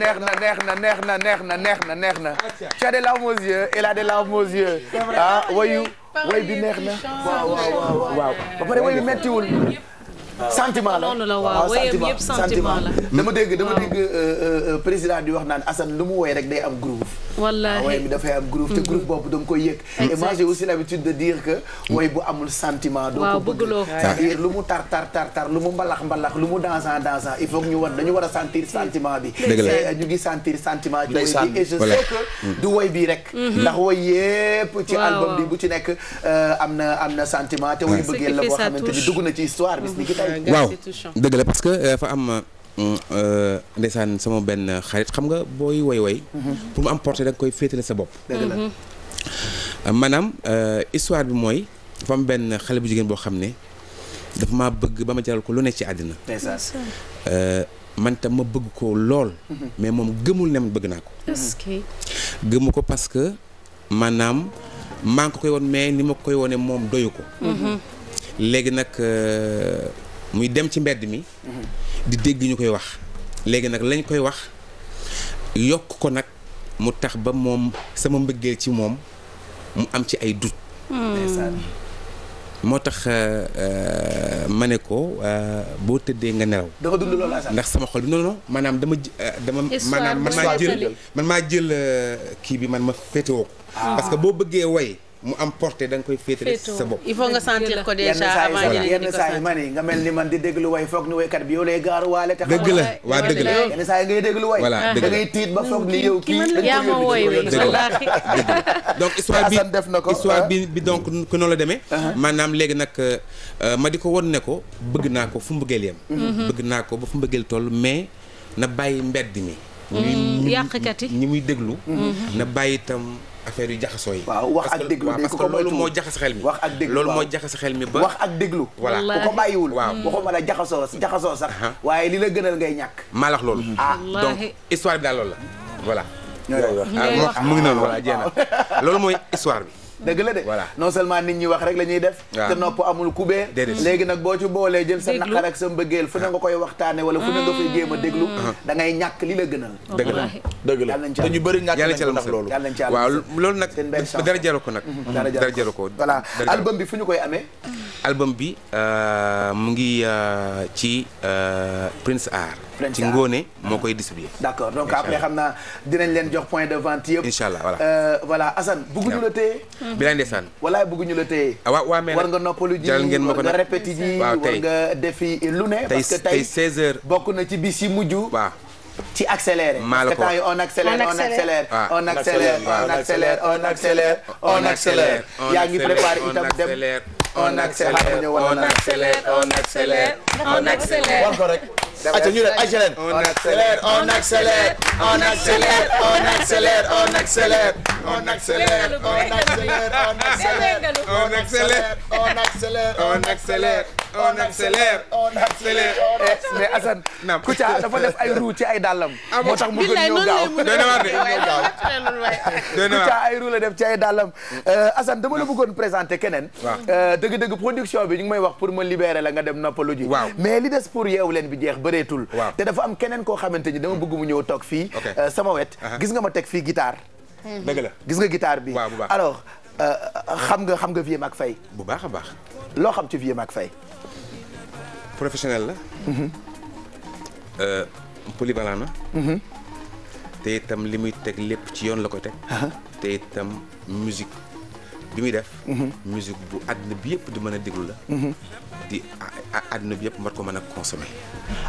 neex na neex na neex na neex na neex na neex na tu as des larmes aux yeux elle a des larmes aux yeux ah wayu way bi neex na waaw waaw waaw ba pare way bi mettiwul sentiment la noonu la waaw wayam yëpp sentiment la dama dégg dama dégg euh, euh, président di wax naan Assane lu mu woy rek day am groove wallaahi waaye ah, bi dafay am groove te mm-hmm. groove boobu da nga koy yëg. e moi j'ai aussi l'habitude de dire que. way bu amul sentiment. doo ko bëgg cest lu mu tar tar tar tar mu mbalax mbalax lu mu dansant dansant il i que ñu war dañu war a sentir sentiment bi. ñu ngi sentir sentiment bi et je sais mm. du way bii rek. Mm-hmm. ndax way yépp ci album bi bu ci nekk euh, am na am na sentiment te way bëggee la boo xamante ni dugg na ci histoire bi. Mm-hmm. waaw dëgg la parce que dafa euh, am. Euh, ndeysaan sama benn xarit xam nga booy woy woy mhm. pour mu am porté da koy féetale sa bopp mhm. euh, maanaam euh, histoire bi mooy dafa am benn xale bu jigéen boo xam ne dafa ma bëgg ba ma jaral ko lu ne ci àddina man tam ma bëgg ko lool mhm. mais moom gëmul ne man bëgg naa ko gëmu ko parce que maanaam maa ngi ko koy woon mais ni ma koy wone moom doyu ko léegi nag muy dem ci mbedd mi. di dégg ñu koy wax. léegi nag lañ koy wax yokk ko nag mu tax ba moom sama mbëggee ci moom mu am ci ay doute. moo tax euh, euh, ma ne ko euh, boo tëddee nga nelaw. dafa ndax sama xol bi non non maanaam dama dama. maanaam man maa jël man maa jël kii bi man ma féetewoo ko. Ah. parce que boo bëggee woy mu am porté da nga koy féetale sa bopp il faut nga sentir ko déjà avant yi nga mel ni man di déglu way foog ni waykat bi yow lay gaaru waale te dëgg la waa la yenn saa yi ngay déglu way voilà da ngay tiit ba foog ni yow kii yaa ma wooy donc histoire bi def na ko histoire bi bi donc ku noonu la demee maanaam léegi nag euh, ma di ko won ne ko bëgg naa ko fu mbëggeel yem bëgg naa ko ba fu mbëggeel toll mais na bàyyi mbedd mi mmh. yàqkat yi ñi muy déglu mmh. na bàyyi itam affaire yu jaxasoo yi. waaw wax ak déglu de ku ko loolu moo jaxas xel mi. wax ak déglu loolu moo jaxas xel mi ba. wax ak déglu. voilà ku ko bàyyiwul. waaw mm. waxuma la jaxasoo jaxasoo sax. waaye li la gënal ngay ñàkk. maa lax loolu. ah donc histoire bi daal loolu la voilà. Ah, mu ngi noonu voilà jéem loolu mooy histoire bi. dëgg la de non seulement nit ñi wax rek la ñuy def te nopp amul kubee léegi nag boo ci boolee jël sa naqar ak sa mbëggeel fu ne nga koy waxtaane wala fu ne nga koy jéem a déglu ah. da ngay ñàkk lii la gënal dëgg la dëgg la ñu bëri ñàkk nañ ko ndax loolu waaw loolu nag dara jaru ko nag dara jaru ko voilà album bi fu ñu koy amee album bi euh, mu ngi euh, ci euh, Prince Art. ci Ngone moo koy distribuer. d' accord donc après xam naa dinañ leen jox point de vente yëpp. incha allah voilà voilà Assane bëgguñu la téye. bi laay ndeysaan. walaay bëgguñu la téye. ah waaw mais war nga noppalu ji war nga répéti ji war nga defi lu ne. parce que tey 16 heures bokk na ci bis yi mujj. waaw. ci accéléré. maa la ko parce que on accélère on accélère. on accélère on accélère on accélère on accélère. yaa ngi préparé on accélère on accélère on accélère on accélère war ko rek ayca ñu ne ayca leen on accélère on accélère on accélère on accélère on accélère on accélère on accélère on accélère on accélère on accélère on accélère on accélère eh, mais Assane. naam Kouthia dafa def ay roue ci ay dàllam. Ah, moo tax mu gën ñëw gaaw doy na waar de doy na waar Kouthia ay roue la def ci ay dàllam. Euh, Assane dama la bëggoon présenter keneen. waaw euh, dëgg-dëgg production bi ñu ngi may wax pour ma libérer la nga dem noppalu ji. waaw mais li des pour yeewu leen bi jeex bëreetul. waaw te dafa am keneen koo xamante ni dama bëgg mu ñëw toog fii. Euh, sama wet gis nga ma teg fii guitare. dëgg la gis nga guitare bi. alors xam nga xam nga Vieux Mac Faye. bu baax a baax. loo xam ci Vieux Mac Faye. professionnel la. Euh, polyvalent na. te itam li muy teg lépp ci yoon la ko teg. te itam musique bi muy def. Mhm. musique bu àdduna bi yëpp di mën a déglu la. Mhm. di àdduna bi yëpp war ko mën a consommer.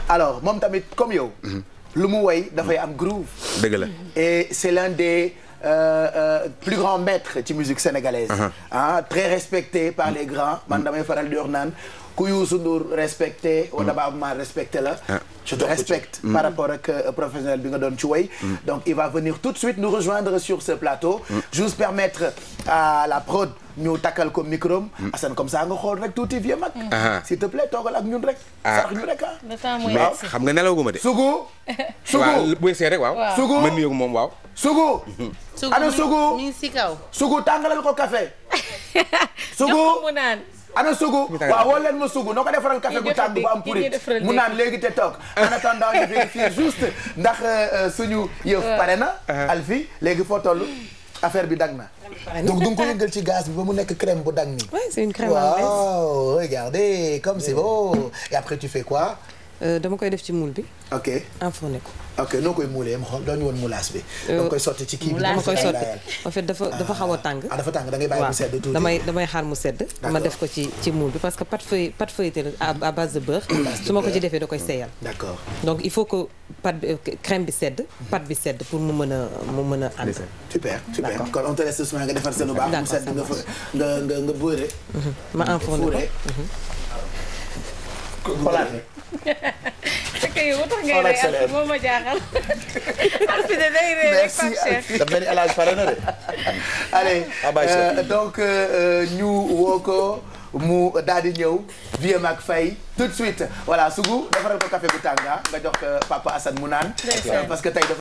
alors moom tamit comme yow. Mhm. lu mu woy dafay am groove. dëgg la et c'est l'un des. Euh, euh, plus grand maître ci musique sénégalaise ah uh -huh. très respecté par les grands man damay faral di wax naan ku Youssou Ndour respecté wala Baaba Maal respecté la tu ah. te respectes mm. par rapport ak euh, professionnel bi nga doon ci way mm. donc il va venir tout de suite nous rejoindre sur ce plateau mm. juste permettre la prod ñu takkal ko micro am. Assane comme ça nga xool rek tuuti vieux mag. Ah. s'il te plaît toogal ak ñun rek. ah ñu rek ah. a xam nga nelaw gu ma de. sugu. sugu waaw bu sugu ma nuyoog moom waaw. sugu. sugu ana sugu. mi sugu tàngalal ko café. sugu jox ko mu naan. ana sugu waaw woo leen ma sugu noo ko defaral bu tàng bu am purit mu naan léegi te toog en attendant ñu ndax euh, euh, suñu yëf euh. pare na alfi léegi foo toll affaire bi dang na donc du nga ko yëngal ci gaz bi ba mu nekk crème bu dang nii waaw regardez comme c'est beau et après tu fais quoi Euh, dama koy def ci muul bi. ok enfourné ko. ok noo koy muulee ma xool doo ñu woon moulage bi. Euh, doo koy sotti ci kii bi dama koy sotti en fait dafa dafa ah. xaw tàng. ah dafa tàng da ngay bàyyi mu sedd damay damay xaar sedd. ma def ko ci ci moule bi parce que pâte feuille pâte feuilletée la à base de beurre. su ma ko ci defee da koy seeyal. d'accord donc il faut que pâte bi euh, crème bi sedd. pâte bi sedd pour mu mën a mu mën a ànd. super super kon on te laisse nga defar sa baax. mu sedd nga fa nga nga nga booree. Mhm. ma ko xoolaat rek. fekk yow tax ngay rey Alphine moo ma jaaxal. Alphine day rey rek Pape Cheikh. daf mel ni El Hadj pare na de. allez ah, euh, donc euh, euh, ñu woo ko mu daal di ñëw. Vieux Mac Faye ah, euh, papa Assane mu